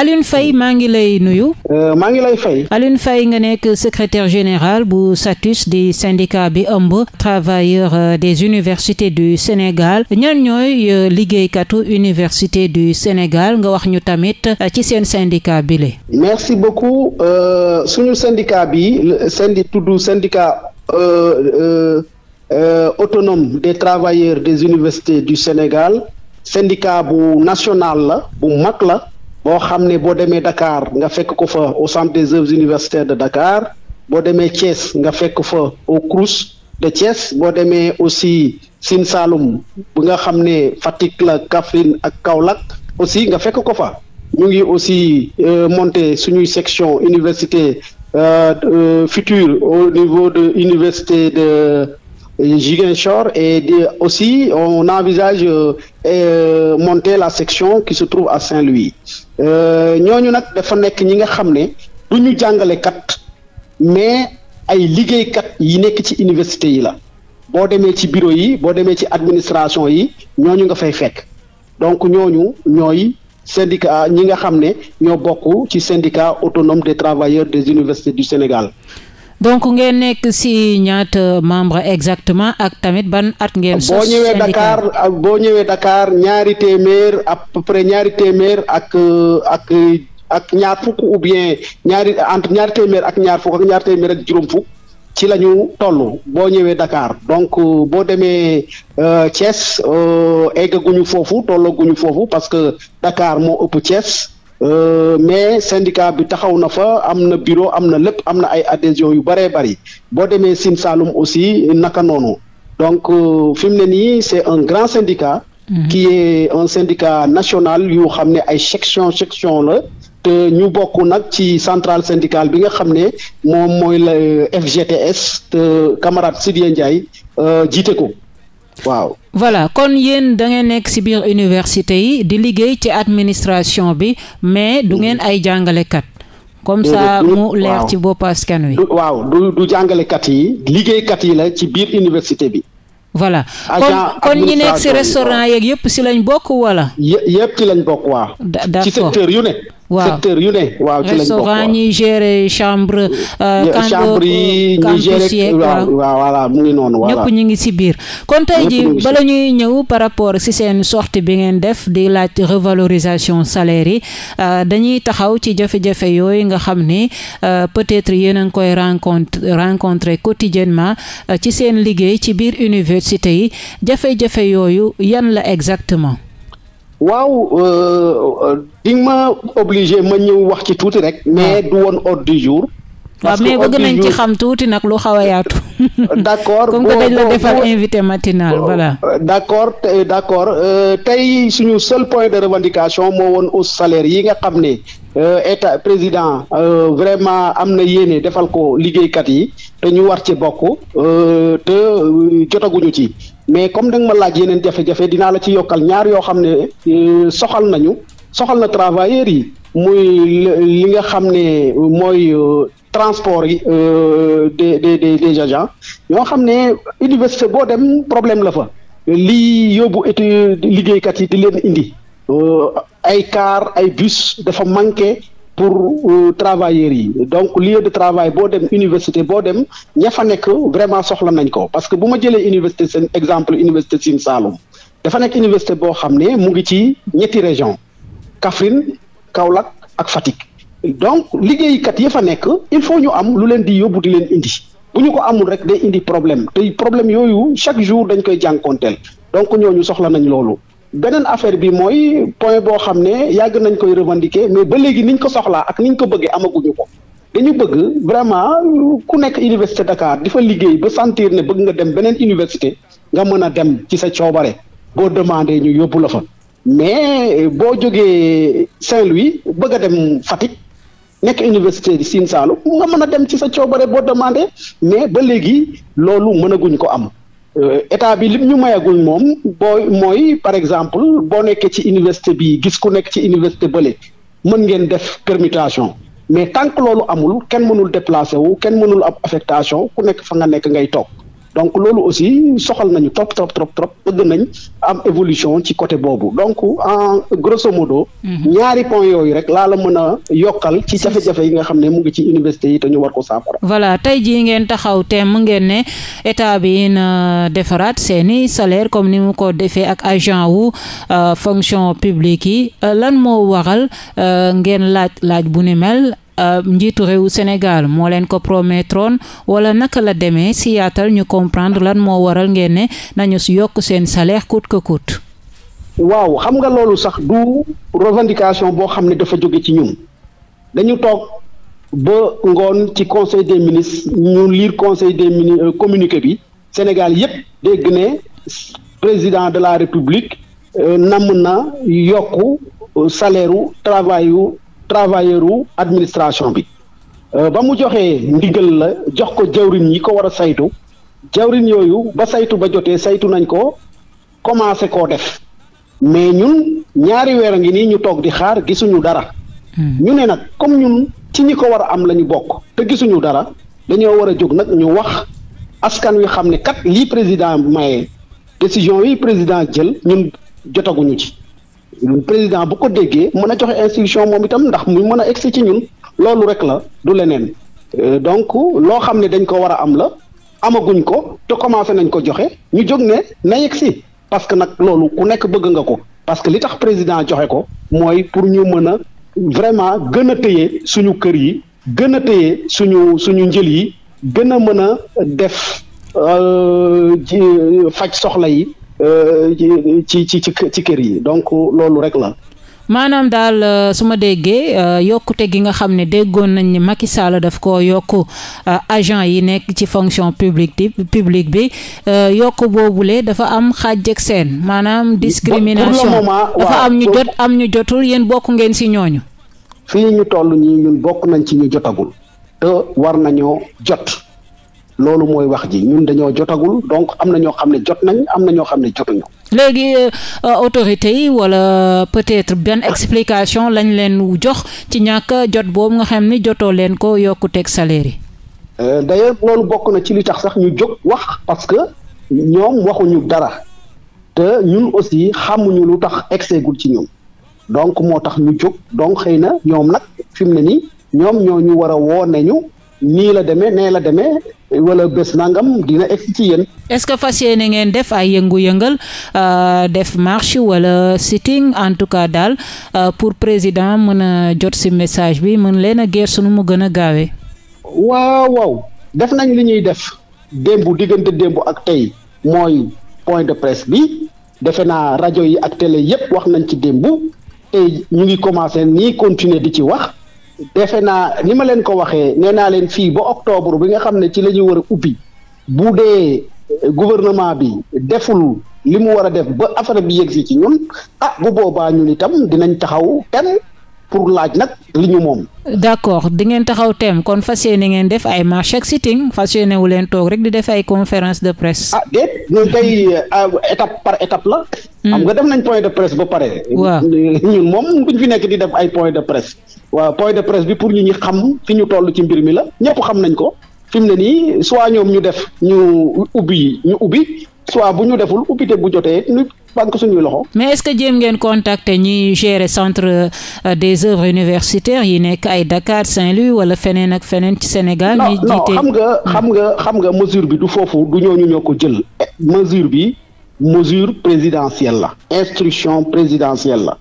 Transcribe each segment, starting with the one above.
Alioune Faye maa ngi lay nuyu. Euh, maa ngi lay fay. Alioune Faye nga nekk secretaire général bu SATUS di syndicat bi ëmb travailleurs euh, des universités du Sénégal ñan ñooy euh, liggéeykatu université du Sénégal nga wax ñu tamit ci seen syndicat bi le merci beaucoup suñu syndicat bi syndi tudd syndicat. Euh, autonome des travailleurs des universités du Sénégal syndicat bu nationale la bu mag la boo xam ne boo demee Dakar nga fekk ko fa au centre des œuvres universitaires de Dakar boo demee Thiès nga fekk fa au CROUS de Thiès boo demee aussi Sine salum bu nga xam ne Fatick la Kaffrine ak Kaolack aussi nga fekk ko fa mu ngi aussi euh, monter suñuy section université euh, euh future au niveau de université de Giguinchor euh, et aussi on envisage euh, euh, monter la section qui se trouve à Saint-Louis ñooñu nag dafa nekk ñi nga xam ne du ñu jàngale jàngalekat mais ay liggéeykat yi nekk ci université yi la boo demee ci bureau yi boo demee ci administration yi ñooñu nga fay fekk donc ñooñu ñooy syndicat ñi nga xam ne ñoo bokk ci syndicat autonome des travailleurs des universités du Sénégal donc ngeen nekk si ñaata membre exactement ak tamit ban at ngeen. sos boo ñëwee Dakar boo ñëwee dakaar ñaari téeméer ñaari téeméer ak euh, ak ak ñaar fukk ou bien ñaari entre téeméer ak ñaar fukk ak ñaar téeméer ak juróom fukk. ci la ñu toll boo ñëwee Dakar donc euh, boo demee euh, Thiès eggaguñu foofu tollaguñu foofu parce que Dakar moo ëpp Thiès Euh, mais syndicat bi taxaw na fa am na bureau am na lépp am na ay adhésion yu bëree bari boo demee Sine Saalum aussi naka noonu donc euh, fi mu ne nii c'est un grand syndicat. Mhm. qui est un syndicat national yu xam ne ay section section la. te ñu bokk nag ci centrale syndicale bi nga xam ne moom mooy la FGTS te camarade Sidya Ndiaye euh, jiite ko. waaw voilà kon yéen da ngeen nekk ci biir université yi di liggéey ci administration bi mais du ngeen ay jàngalekat comme ça mu leer ci boppa askan wi waaw du du jàngalekat yi liggéeykat yi la ci biir université bi voilà kon kon nekk ci restaurant yeeg yëpp ci lañ bokk wala yëpp ci lañ bokk waa d'accord ci secteur yu ne waaw secteur yu ne waaw ci lañ bokk restaurant ñi gérer chambre. Euh, chambre yi ñi gérer waaw waaw voilà mu ngi ñu ngi si biir kon tey ji bala ñuy ñëw par rapport si seen sortie bi ngeen def di laaj revalorisation salaire yi euh, dañuy taxaw ci jafe-jafe yooyu nga xam ni euh, peut-être yéen a ngi koy rencontre rencontrer quotidiennement ci seen liggéey ci biir université yi jafe-jafe yooyu yan la exactement. waaw euh, euh, di nga ma obligé ma ñëw wax ci tuuti rek. mais ah. du woon ordre du jour. waaw mais bëgg nañ ci xam tuuti nag lu xaw a yaatu. d' accord comme que dañ la defal invité matinal voilà. Euh, d' accord d' accord euh, tey suñu seul point de revendication moo woon au salaire yi nga xam ne euh, état président vraiment am na yéene defal ko liggéeykat yi te ñu war ci bokk te jotaguñu ci mais comme da nga ma laaj yeneen jafe-jafe dinaa la ci yokkal ñaar yoo xam ne soxal nañu soxal na travailleurs yi muy li nga xam ne mooy. transport yi euh, des des des des agents ñoo xam ne université boo dem problème la fa lii yóbbu étude liggéeykat yi di leen indi euh, ay car ay bus dafa manqué pour euh, travailleurs yi donc lieu de travail boo dem université boo dem ña fa nekk vraiment soxla nañ ko parce que bu ma jëlee université seen exemple université Sine saalum dafa nekk université boo xam ne mu ngi ci ñetti région Kaffrine Kaolack ak Fatick donc liggéeykat yi fa nekk il faut ñu am lu leen di yóbbu di leen indi bu ñu ko amul rek day indi problème te problème yooyu chaque jour dañ koy jànkonteel donc ñooñu soxla nañ loolu beneen affaire bi mooy point boo xam ne yàgg nañ koy revendiquer mais ba léegi niñ ko soxlaa ak niñ ko bëggee amaguñu ko dañu bëgg vraiment ku nekk université Dakar di fa liggéey ba sentir ne bëgg nga dem beneen université nga mën a dem ci sa coobare boo demand ñu yóbbu la mais boo jógee Saint-Louis bëgg a dem Fatick nekk université di Sine Saalum nga mën a dem ci sa coobare boo demandé mais ba léegi loolu mënaguñ ko am euh, état bi lim ñu mayaguñ moom boo mooy par exemple boo nekkee ci université bi gis ku nekk ci université bële mën ngeen def permutation mais tant loolu amul kenn mënul déplacé wu kenn mënul am affectation ku nekk fa nga nekk ngay toog donc loolu aussi soxal nañu trop trop trop trop bëgg nañ am évolution ci côté boobu donc en grosso modo. Mhm. ñaari points yooyu rek laala la mën a yokkal ci jafe-jafe yi nga xam ne mu ngi ci université yi te ñu war ko saafara. voilà tey jii ngeen taxaw te mu ngeen ne état bi na defaraat seeni salaire comme ni mu ko defee ak agent wu euh, fonction publique yi euh, lan moo waral euh, ngeen laaj laaj bu ni mel Euh, njiitu réewu Sénégal moo leen ko promettroon wala naka la demee si yaatal ñu comprendre lan moo waral ngeen ne nañu si yokk seen salaire coûte que coûte. waaw xam nga loolu sax du revendication boo xam ne dafa jóge ci ñun dañu toog ba ngoon ci conseil des ministres ñu lire conseil des ministres euh, communiqué bi Sénégal yépp dégg ne président de la république euh, namm na yokk salaire u travailleur wu administration bi euh, ba mu joxee ndigal la jox ko jawrin yi ko war a saytu jawrin yooyu ba saytu ba jotee saytu nañ ko commencé koo def mais ñun ñaari weer a ngi nii ñu toog di xaar gisuñu dara hmm. ñu ne nag comme ñun ci ñi ko war a am la ñu bokk te gisuñu dara dañoo war a jóg nag ñu wax askan wi xam ne kat lii président maye décision yi président jël ñun jotaguñu ci président bu ko déggee mën a joxe institution moom itam ndax mu mën a egsi ci ñun loolu rek la du leneen euh, donc loo xam ne dañ ko war a am la amaguñ ko te commencé nañ ko joxe ñu jóg ne na yegsi parce que nag loolu ku nekk bëgg nga ko parce que li tax président joxe ko mooy pour ñu mën a vraiment gën a téye suñu kër yi gën a téye suñu suñu njël yi gën a mën a def ci euh, faj soxla yi ci ci ci kër yi donc loolu rek la. maanaam daal euh, su ma déggee euh, yokkute gi nga xam ne déggoon nañ ne Macky Sall daf ko yokk euh, agent yi nekk ci fonction publique di publique bi yokk boobule dafa am xaaj seen maanaam discrimination dafa am ñu jot am ñu jotul yéen bokk ngeen si ñooñu fii ñu toll ñii ñun bokk nañ ci ñu jotagul te war nañoo jot loolu mooy wax ji ñun dañoo jotagul donc am na ñoo xam ne jot nañ am na ñoo xam ne jotuñu. léegi euh, euh, autorité yi wala peut-être benn explication lañ leen jox ci ñàkk jot boobu nga xam ni jotoo leen ko yokkuteeg salaire yi. Euh, d'ailleurs loolu bokk na ci li tax sax ñu jóg wax parce que ñoom waxuñu dara te ñun aussi xamuñu lu tax exeegul ci ñoom donc moo tax ñu jóg donc xëy na ñoom nag fi mu ne nii ñoom ñoo ñu war a woo ne ñu nii la demee nee la demee wala bés nangam dina egg ci yéen. est-ce que fas yéene ngeen def ay yëngu-yëngal euh, def marche wala sitting en tout cas daal euh, pour président mën a jot ci message bi mën leen a geersu nu mu gën a gaawee. waaw waaw def nañ li ñuy def démb diggante démb ak tey mooy point de presse bi defe naa rajo yi ak télé yépp wax nañ ci démb tey ñu ngi commencé nii continuer di ci wax. defe naa ni ma leen ko waxee nee naa leen fii ba octobre bi nga xam ne ci la ñu war a ubbi bu dee gouvernement bi deful li mu war a def ba affaire bi yegg si ci ñun ah bu boobaa ñun itam dinañ taxaw tem pour laaj nag li ñu moom. d' accord di ngeen taxaw teem kon fas yéene ngeen def ay marche ak sitting fas yéene wu leen toog rek di def ay conférence de presse. ah déet ñun kay euh, étape par étape la. Hmm. xam nga def nañ point de presse ba pare. waaw ñun moom fi nekk di def ay point de presse. waaw point de presse bi pour ñu ñi xam fi ñu toll ci mbir mi la ñëpp xam nañ ko fi mu ne nii soit ñoom ñu def ñu ubbi ñu ubbi soit bu ñu deful ubbite bu jotee banque suñuy loxo. mais est-ce que jéem ngeen contacter ñiy gérer centre euh, des œuvres universitaires yi nekk ay Dakar Saint-Louis wala feneen ak feneen ci Sénégal. ñuy xam nga xam nga xam nga mesure bi du foofu du ñooñu ñoo ko jël. Eh, mesure bi mesure présidentielle la. instruction présidentielle la.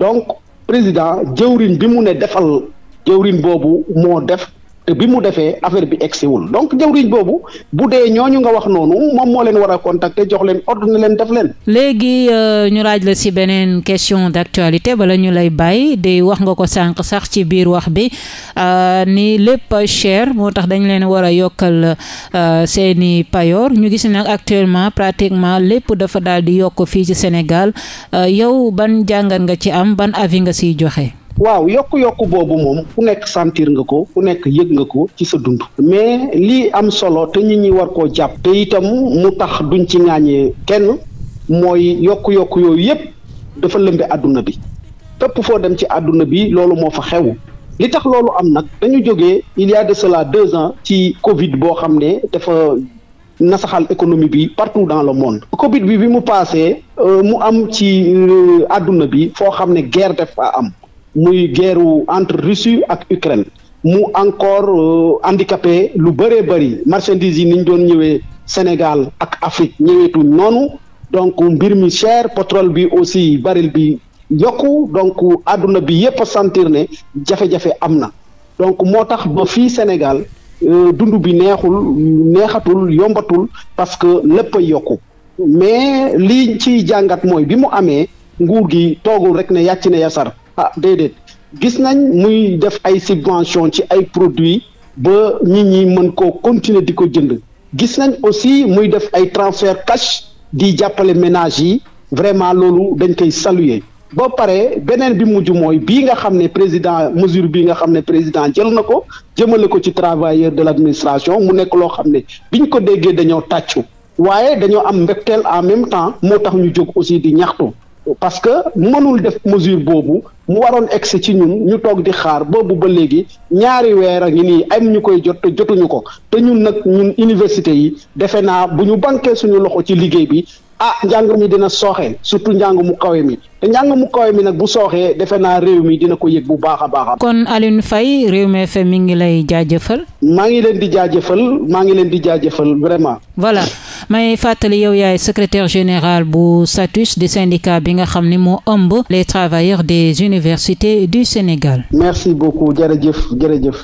donc président jëwrin bi mu ne defal jëwrin boobu moo def. te bi mu defee affaire bi egsiwul donc jawriñ boobu bu dee ñu nga wax noonu moom moo leen war a contacter jox leen ordre ne leen def leen. léegi euh, ñu laaj la si beneen question d'actualité bala ñu lay bàyyi di wax nga ko sànq sax ci biir wax bi euh, ni lépp cher moo tax dañ leen war a yokkal euh, seeni payoor ñu gis nag actuellement pratiquement lépp dafa daal di yokk fii ci Sénégal yow ban jàngat nga ci am ban avis nga siy joxe. waaw yokku-yokku boobu moom fu nekk santir nga ko ku nekk yëg nga ko ci sa dund mais lii am solo te nit ñi war koo jàpp te itam mu tax duñ ci ŋaañee kenn mooy yokk yokk yooyu yëpp dafa lëmbe àdduna bi fépp foo dem ci àdduna bi loolu moo fa xew li tax loolu am nag dañu jógee il y a de cela deux ans ci Covid boo xam ne dafa nasaxal économie bi partout dans le monde Covid bi bi mu paasee euh, mu am ci euh, àdduna bi foo xam ne guerre def fa am muy guerre entre Russie ak Ukraine mu encore euh, handicapé lu bëree bëri marchandises yi niñ doon ñëwee Sénégal ak Afrique ñëweetuñ noonu donc mbir mi cher pétrole bi aussi baril bi yokku donc àdduna bi yépp a sentir ne jafe-jafe am na donc moo tax ba fii Sénégal euh, dund bi neexul neexatul yombatul parce que lépp a yokku mais lii ci jàngat mooy bi mu amee nguur gi toogul rek ne yàcc na yasar ah déedéet gis nañ muy def ay subvention ci ay produits ba nit ñi mën koo continuer di ko jënd gis nañ aussi muy def ay transfert cash di jàppale ménage yi vraiment loolu dañ koy saluer ba pare beneen bi mujj mooy bii nga xam ne président mesure bii nga xam ne président jël na ko jëmale ko ci travailleur de l' administration mu nekk loo xam ne biñ ko déggee dañoo tàccu waaye dañoo am mbégteel en même temps moo tax ñu jóg aussi di ñaxtu parce que mënul def mesure boobu mu waroon egsi ci ñun ñu toog di xaar boobu ba léegi ñaari weer a ngi nii am ñu koy jot te jotuñu ko te ñun nag ñun université yi defe naa bu ñu banquee suñu loxo ci liggéey bi ah njàng mi dina sooxee surtout njàng mu kawe mi te njàng mu kawe mi nag bu sooxee defe naa réew mi dina ko yëg bu baax a baax a. kon Alioune Faye Rewmi FM mi ngi lay jaajëfal. maa ngi leen di jaajëfal maa ngi leen di jaajëfal vraiment. voilà may fàttali yow yaay secretaire général bu SATUS di syndicat bi nga xam ni moo ëmb les travailleurs des universités du Sénégal. merci beaucoup jërëjëf jërëjëf.